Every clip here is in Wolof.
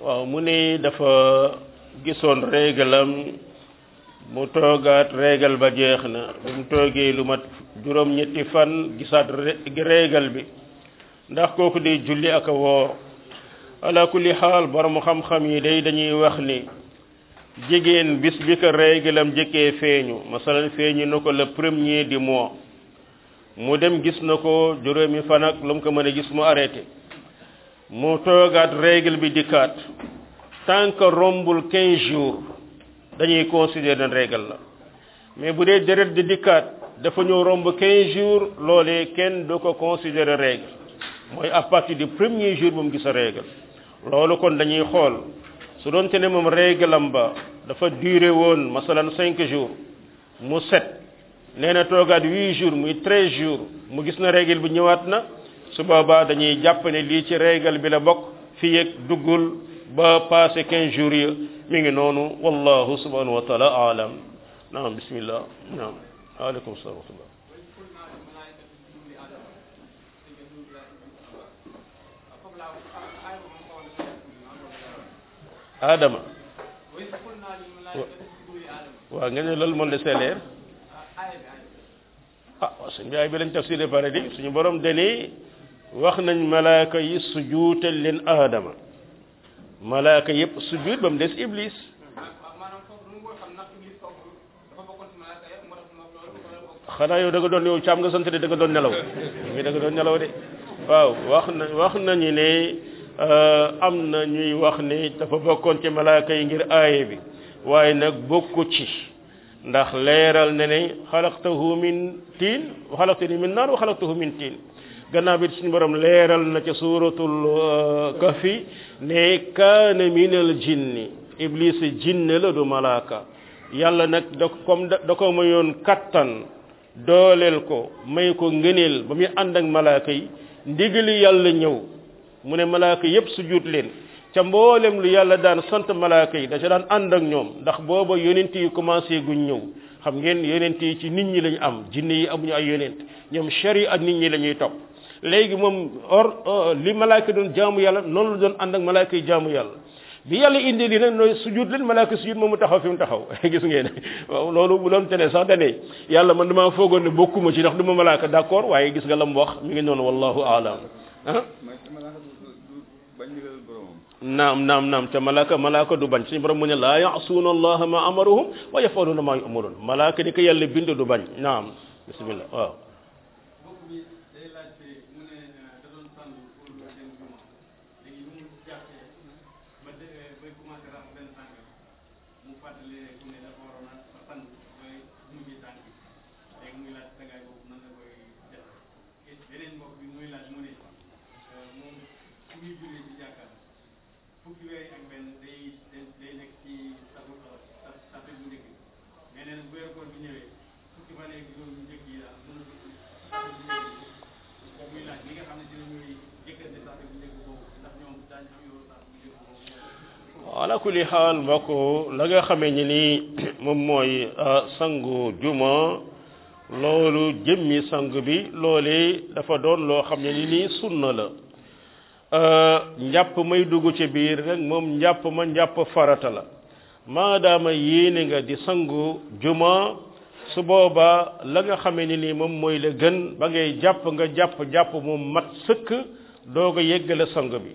waaw mu ne dafa gisoon régalam mu toogaat régal ba jeex na bi mu toogee lu mat juróom-ñetti fan gisaat régal bi ndax kooku day julli ak a woor ala kulli xaal borom xam-xam yi day dañuy wax ni jigéen bis bi ko régalam jëkkee feeñu masalan feeñu na ko le premier du mois mu dem gis na ko juróomi fan ak lu mu ko mën a gis mu arrêté mu toogaat régle bi dikkaat tant que rombul quinze jours dañuy considérer ne règle la mais bu dee deret di dikkaat dafa ñëw romb quinze jours loolee kenn du ko considérer règle mooy à partir du premier jour bu mu gis a règle loolu kon dañuy xool su doonte ne moom réglam ba dafa duré woon masalan cinq jours mu set nee na toogaat huit jours muy treize jours mu gis na règle bi ñëwaat na su boobaa dañuy jàpp ne li ci régal bi la bok fi ak dugul ba passé 15 jours yi mi ngi nonu wallahu subhanahu wa taala alam naam bismillah naam alaykum assalam wa rahmatullah adama waaw nga ne loolu moom la see leer ah sëñ bi ay bi lañ tafsiré pare di suñu borom dani wax nañ malaaka yi sujuutal leen aadama malaaka yëpp sujuut ba mu des iblis xanaa yow da nga doon yow caam nga sant de da doon nelaw da nga doon nelaw de waaw wax na wax nañu ne euh, am na ñuy wax ne dafa bokkoon ci malaaka yi ngir aaye bi waaye nag bokku ci ndax leeral ne ne xalaqtahu min tiin wa xalaqtani min naar wa xalaqtahu min tiin gannaaw bi suñu borom leeral na ca suuratul euh, kahfi ne kaana minal jinni iblis jinne la du malaaka yàlla nag da comme da ko mayoon kattan dooleel ko may ko ngëneel ba muy ànd ak malaaka yi ndigali yàlla ñëw mu ne malaaka yépp su juut leen ca mboolem lu yàlla daan sant malaaka yi da ca daan ànd ak ñoom ndax booba yonent yi commencé guñ ñëw xam ngeen yonent yi ci nit ñi lañu am jinne yi amuñu ay yonent ñoom shari ak nit ñi la ñuy topp léegi moom or li malaaka doon jaamu yàlla noonu la doon ànd ak malaaka yi jaamu yàlla bi yàlla indi li nag nooy sujud leen malaaka sujud moom mu taxaw fi mu taxaw gis ngeen loolu bu doon tene sax dane yàlla man damaa foogoon ne bokkuma ci ndax du ma malaaka d'accord waaye gis nga la mu wax mi ngi noonu wallahu aalam ah naam naam naam te malaaka malaaka du bañ suñu borom mu ne laa yaasuuna ma amaruhum wa yafaluuna ma yumaruun malaaka ni ko yàlla bind du bañ naam bismillah waaw commencé ràmm benn tànk mu fàttali ne ku ne dafa waroon a sangu yooyu mujjee tànk bi léegi muy laaj tàngaay boobu nan la koy def beneen mbokk bi muy laaj mu ne euh, moom fu muy jullee ci jàkkaar fukki weer ak benn day day nekk ci safu safu bu njëkk bi mais nee na bu weer koor bi ñëwee fukki fan ak juróom yu njëkk yi daal mënul muy laaj li nga xam ne dina ñuy ala kulli xaal mbokk la nga xame ni nii moom mooy euh, sangu juma loolu jëmmi sangu bi loolee dafa doon loo xam ne ni nii sunna la euh, njàpp may dugg ci biir rek moom njàpp ma njàpp farata la maadaama yéene nga di sangu juma su boobaa la nga xamee ni nii moom mooy la gën ba ngay jàpp nga jàpp jàpp moom mat sëkk doo ko yeggale sangu bi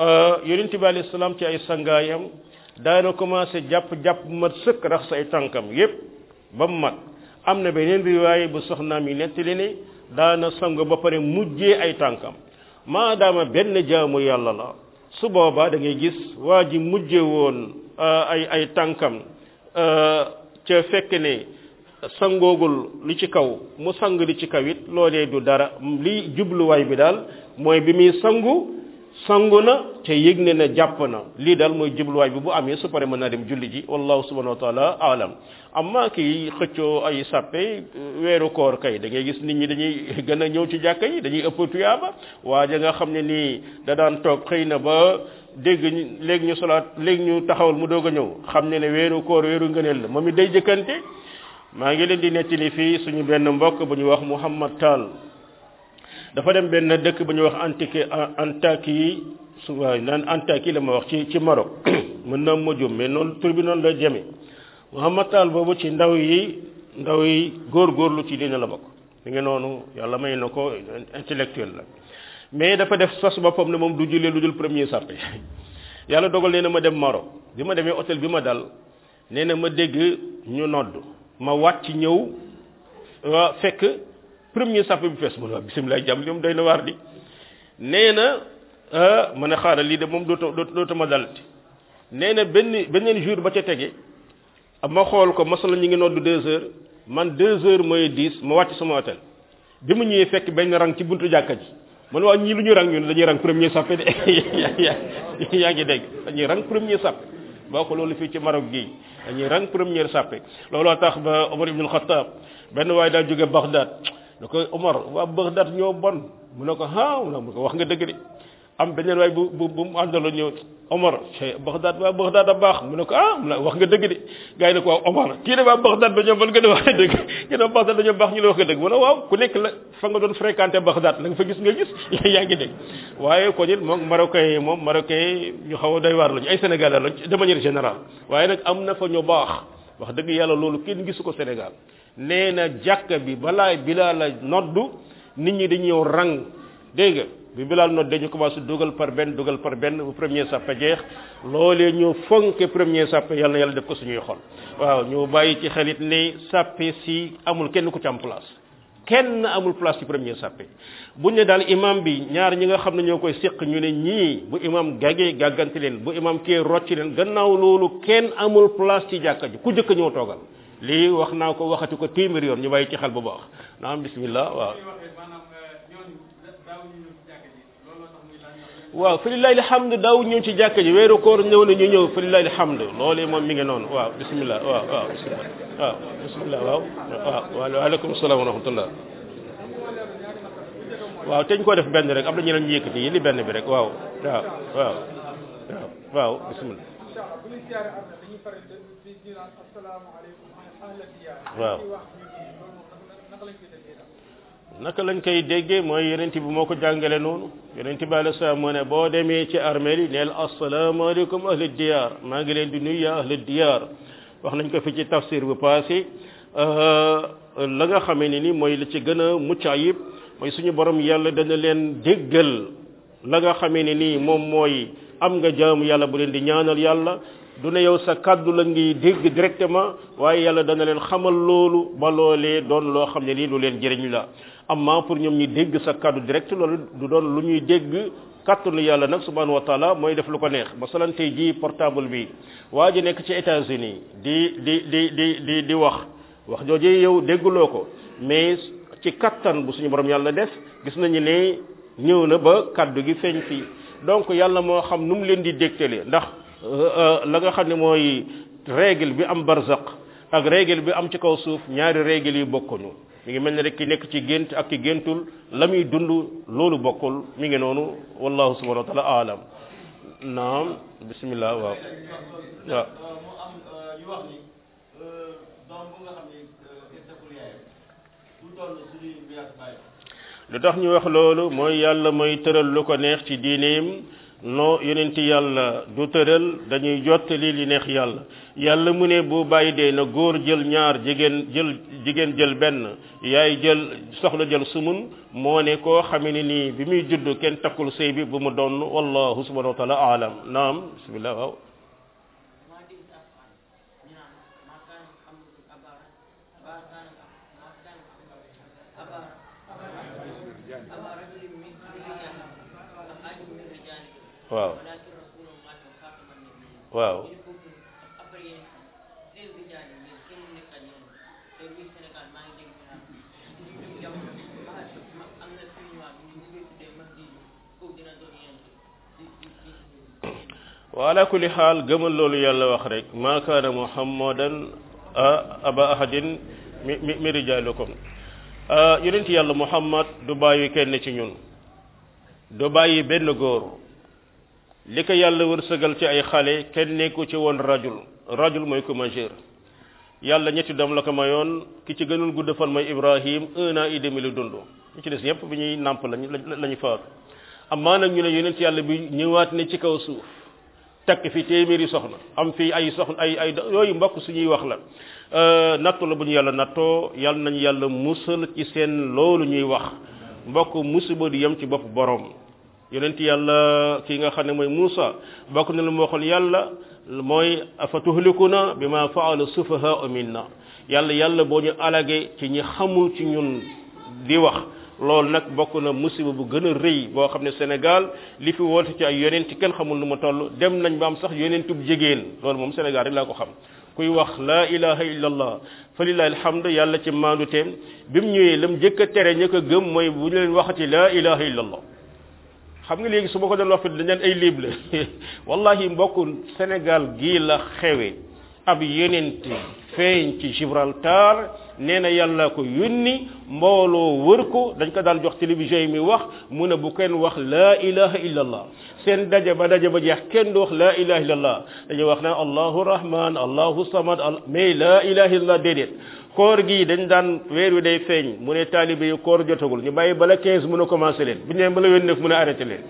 Euh, yonent bi alayhi salaam ci ay sangaayam daana commencé jàpp-jàpp mat sëkk rax ay tànkam yépp ba mu mat am na beneen riwaaye bu soxnaam yi nettali ne daana sangu ba pare mujjee ay tànkam maadaama benn jaamu yàlla la su boobaa dangay gis waa ji mujje woon euh, ay tànkam euh, ca fekk ne sangoogul li ci kaw mu sang lu ci kaw it loolee du dara li jubluwaay bi daal mooy bi muy sangu sangu na te yëg ne na jàpp na lii daal mooy jubluwaay bi bu amee su paree mën naa dem julli ji wallahu subhanahu wa taala am amma kii xëccoo ay sàppe weeru koor kay da ngay gis nit ñi dañuy gën a ñëw ci jàkk yi dañuy ëpp tuyaaba waa ja nga xam ne nii da daan toog xëy na ba dégg ñu léegi ñu solaat léegi ñu taxawal mu doog a ñëw xam ne ne weeru koor weeru ngëneel la moom it day jëkkante maa ngi leen di nettali fii suñu benn mbokk bu ñu wax Mouhamad Tall dafa dem benn dëkk ba ñuy wax Antique Antaaki yi su waay naan Antaaki la ma wax ci ci Maroc mën na ma jum mais noonu tur bi noonu la jëmee Mouhamad Tall boobu ci ndaw yi ndaw yi góor-góorlu ci dina la bokk mi ngi noonu yàlla may na ko intellectuel la mais dafa def sas boppam ne moom du jullee lu jul premier sàppe yàlla dogal nee na ma dem Maroc bi ma demee hôtel bi ma dal nee na ma dégg ñu nodd ma wat ci ñëw euh, fekk. premier sapé bi fess mun bismillah jam ñom doyna war di neena euh mané xaaral li de mom do do do ma dalati neena benn benen jour ba ca tégué ma xol ko masala ñi ngi noddu 2 heures man 2 heures moy 10 ma wacc sama hôtel bi mu ñëwé fekk benn rang ci buntu jakka ji man wa ñi lu ñu rang ñu dañuy rang premier sapé de ya ngi dégg dañuy rang premier sapé bako lolou fi ci maroc gi dañuy rang premier sapé lolo tax ba Omar ibn Khattab ben way da joge Baghdad da koy Omar waa Bagdad ñoo bon mu ne ko ah mu ne ko wax nga dëgg de am beneen waay bu bu bu mu àndaloon ñëw Omar Bagdad waa Bagdad a baax mu ne ko ah mu ne wax nga dëgg de gars yi ne ko waaw Omar kii de waa Bagdad dañoo bon nga ne wax nga dëgg kii de Bagdad dañoo baax nga dëgg mu ku nekk la fa nga doon fréquenté Bagdad la nga fa gis nga gis yaa ngi dégg waaye ko nit moom marocain yi moom marocain yi ñu xaw a doy waar lañu ay sénégalais lañ de manière générale waaye nag am na fa ñu baax wax dëgg yàlla loolu kenn gisu ko Sénégal nee na jàkka bi balaa Bilaal a noddu nit ñi dañu ñëw rang dégg nga bi Bilaal nodd dañu commencé dugal par benn dugal par benn bu premier sàppa jeex loolee ñoo fonke premier sàppa yàlla yàlla def ko suñuy xol waaw ñu bàyyi ci xelit ni sàppe si amul kenn ku ci am place kenn amul place ci premier sàppe buñ ne daal imam bi ñaar ñi nga xam ne ñoo koy séq ñu ne ñii bu imam gàggee gàggante leen bu imam kee rocci leen gannaaw loolu kenn amul place ci jàkka ji ku jëkk ñoo toogal li wax naa ko waxati ko téeméer yoon ñu bàyyi ci xel bu baax naam bismillah waaw waaw fi lillahi alhamdu daw ñëw ci jàkk ji weeru koor ñëw na ñu ñëw fi lillahi alhamdu loolee moom mi ngi noonu waaw bismillah waaw waaw bismillah waaw bismillah waaw waaw alaykum salaam wa rahmatullah waaw teñ ko def benn rek am na ñeneen ñu yëkkati yi li benn bi rek waaw waaw waaw waaw bismillah waaw naka lañ koy déggee mooy yonent bi moo ko jàngale noonu yonent bi alei salaam ne boo demee ci armeel yi neel asalaamaaleykum ahli diyaar maa ngi leen di nuyu yaa ahli diyaar wax nañ ko fi ci tafsir bu passé la nga xamee ne ni mooy la ci gën a mucc ayib mooy suñu borom yàlla dana leen déggal la nga xamee ne nii moom mooy am nga jaamu yàlla bu leen di ñaanal yàlla du ne yow sa kàddu la ngi dégg directement waaye yàlla dana leen xamal loolu ba loolee doon loo xam ne nii lu leen jëriñ la amma pour ñoom ñi dégg sa kàddu direct loolu du doon lu ñuy dégg kàttanu yàlla nag subhanahu wa taala mooy def lu ko neex masalan tey jii portable bi waa ji nekk ci États-Unis di di di di di di wax wax jooju yow dégguloo ko mais ci kattan bu suñu borom yàlla def ñëw na ba kàddu gi feeñ fii donc yàlla moo xam nu mu leen di dégtale ndax euh, euh, la nga xam ne mooy régle bi am barzak ak régle bi am ci kaw suuf ñaari règle yi bokkuñu mi ngi mel ne rek nekk ci gént ak ki géntul la muy dund loolu bokkul mi ngi noonu wallahu subhanahu wa taala alam naam bismillah waaw euh, lu tax ñu wax loolu mooy yàlla mooy tëral lu ko neex ci diineem noo yonenti yàlla du tëral dañuy jottali li neex yàlla yàlla mu ne bu bàyyi dee na góor jël ñaar jigéen jël jigéen jël benn yaay jël soxla jël sumun moo ne koo xame ni nii bi muy judd kenn takkul sëy bi bu mu doon wallahu subhanahu wa taala naam bismillah واو واو يعني يعني يعني. وعلى كل حال gëmal loolu يلا وخرج ما كان محمدا أبا أحد من رجالكم Euh, yonent yàlla muhammad du bàyyi kenn ci ñun du bàyyi benn góor li ko yàlla wërsëgal ci ay xale kenn nekku ci woon rajul rajul mooy ko majeur yàlla ñetti doom la ko mayoon ki ci gënul gudd fan mooy ibrahim un an et demi lu dund ñu ci des yépp bi ñuy nàmp lañu lañu faatu amaa nag ñu ne yonent yàlla bi ñëwaat ne ci kaw suuf takk fi téeméeri soxna am fi ay soxna ay ay yooyu mbokk suñuy wax la euh, nattu la bu ñu yàlla nattoo yàlla nañu yàlla musal ci seen loolu ñuy wax mbokk musiba di yem ci bopp boroom yonent yàlla ki nga xam ne mooy Muusa bokk na lu mu waxoon yàlla mooy afa na bi ma faala sufahaa minna yàlla yàlla boo ñu alage ci ñi xamul ci ñun di wax loolu nag bokk na musiba bu gën a rëy boo xam ne Sénégal li fi woote ci ay yonent ci kenn xamul nu mu toll dem nañ ba am sax yonentub jigéen loolu moom Sénégal rek laa ko xam kuy wax laa ilaha illallah fa lillahi alhamd yàlla ci maandu bi mu ñëwee lam jëkk a tere ña ko gëm mooy bu ñu leen waxati laa ilaha illallah xam nga léegi su ma ko doon wax fi dañ leen ay libre wallahi mbokku Sénégal gii la xewe ab yonent feeñ ci Gibraltar nee na yàlla ko yónni mbooloo wër ko dañ ko daan jox télévision yi mi wax mu ne bu kenn wax laa ilaha illallah seen daje ba daje ba jeex kenn du wax laa ilaha illallah dañuy wax naan allahu rahman allahu samad al mais laa ilaha illallah déedéet koor gi dañ daan weer wi day feeñ mu ne taalibe yi koor jotagul ñu bàyyi bala 15 mun a commencé leen bu ñu bala 29 mun a arrêté leen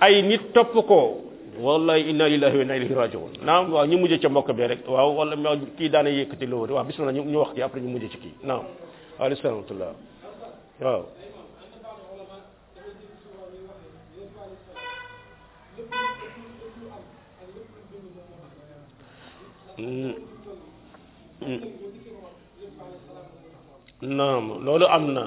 ay nit topp ko wallahi inna lillahi wa inna ilayhi rajiun naam waaw ñu mujj ca mbokk bi rek waaw wala ma kii daana yëkkati loolu waaw bismillah ñu wax ci après ñu mujj ci naam alayhi salaamatulah waaw naam loolu am na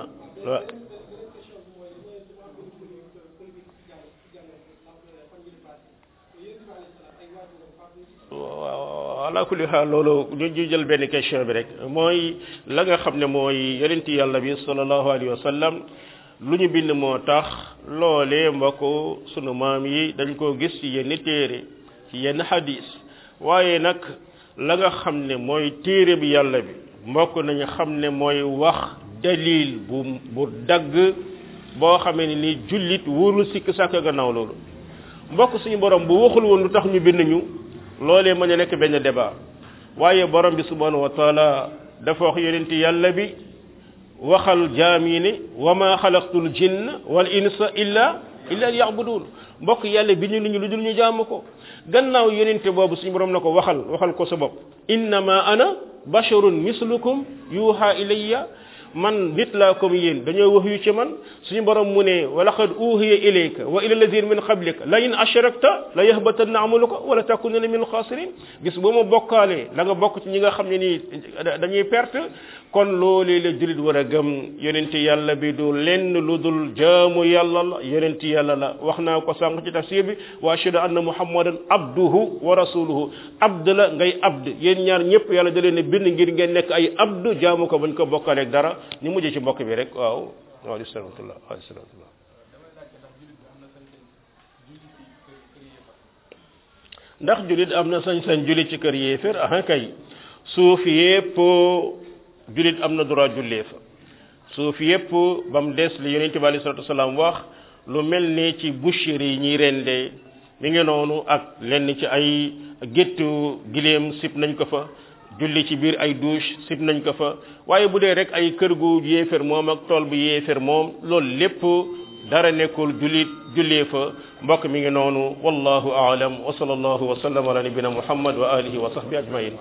ala li xaal loolu ñu ñu jël benn question bi rek mooy la nga xam ne mooy yonenti yàlla bi sallallahu alayhi wa sallam lu ñu bind moo tax loolee mbokk sunu maam yi dañ koo gis ci yenn téere ci yenn xadis waaye nag la nga xam ne mooy téere bi yàlla bi mbokk nañu xam ne mooy wax dalil bu dagg boo xamee ne ni jullit wóorul sikk sàkk gannaaw loolu mbokk suñu borom bu waxul woon lu tax ñu bind ñu loolee mën a nekk benn débat waaye borom bi subhanahu wa taala dafa wax yonent yàlla bi waxal jaam yi ne wa ma xalaqtul jinn wal insa illa illa liyabudun mbokk yàlla bi ñu ñu lu dul ñu jaam ko gannaaw yonent boobu suñu borom na ko waxal waxal ko sa bopp innama ana basharun mislukum yuha ilayya man nit la ko yéen dañoo wax yu ci man suñu borom mu ne wala khad uhiya ilayka wa ila alladhin min qablik la in ashrakta la yahbatanna amaluka wa la takunanna min khasirin gis bo mo bokale la nga bok ci ñi nga xam ni dañuy perte kon lolé la julit wara a gëm yonent yàlla bi du len ludul jamu yàlla la yonent yàlla la waxna ko sang ci tafsir bi wa shada anna muhammadan abduhu wa rasuluhu abdul ngay abd yen ñaar ñëpp yàlla da leen bind ngir ngeen nek ay abdu jamu ko buñ ko bokale dara ñu mujj ci mbokk bi rek waaw waaleykum salaam wa rahmatulah ndax jullit am na sañ-sañ jullit ci kër yéeféer ah kay suuf yépp jullit am na droit jullee fa suuf yépp ba mu des li yonent bi alei wax lu mel ni ci boucherie yi ñuy rende mi ngi noonu ak lenn ci ay géttu giléem sib nañ ko fa julli ci biir ay douche sit nañ ko fa waaye bu dee rek ay kër gu yéefér moom ak tool bu yéefér moom loolu lépp dara nekkul julit jullee fa mbokk mi ngi noonu wallahu aalam wa sallallahu wa sallam ala nabina muhammad wa alihi wa sahbi ajmain